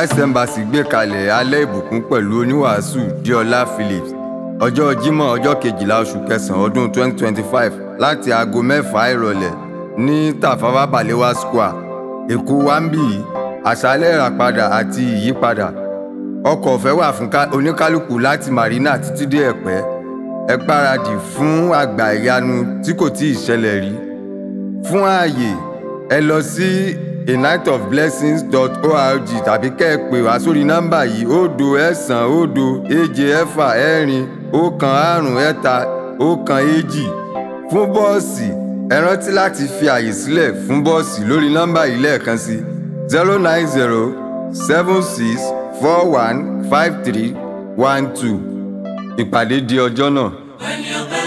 Christ Embassy gbé kalẹ̀ alẹ́ ìbùkún pẹ̀lú oníwàásù diola Phillips ọjọ́ Jímọ̀ ọjọ́ kejìlá oṣù kẹsàn-án ọdún 2025 láti aago mẹ́fà ìrọ̀lẹ̀ ní Tafawa Balewa Square Èkó wambi àṣálẹ́ ìràpadà àti ìyípadà ọkọ̀ ọ̀fẹ́ wà fún oníkálukú láti Marina títí dé Ẹ̀pẹ́ ẹ gbáradì fún àgbà ìyanu tí kò tíì ṣẹlẹ̀ rí fún ààyè ẹ lọ sí a night of blessings dot org tàbí kẹ́ ẹ pè wá sórí nọ́mbà yìí òdo ẹ̀sán òdo èje ẹ̀fà ẹ̀rin ọ̀kan àrùn ẹ̀ta ọ̀kan èjì fún bọ́ọ̀sì ẹ rántí láti fi àyè sílẹ̀ fún bọ́ọ̀sì lórí nọ́mbà yìí lẹ́ẹ̀kan sí zero nine zero seven six four one five three one two ìpàdé di ọjọ́ náà.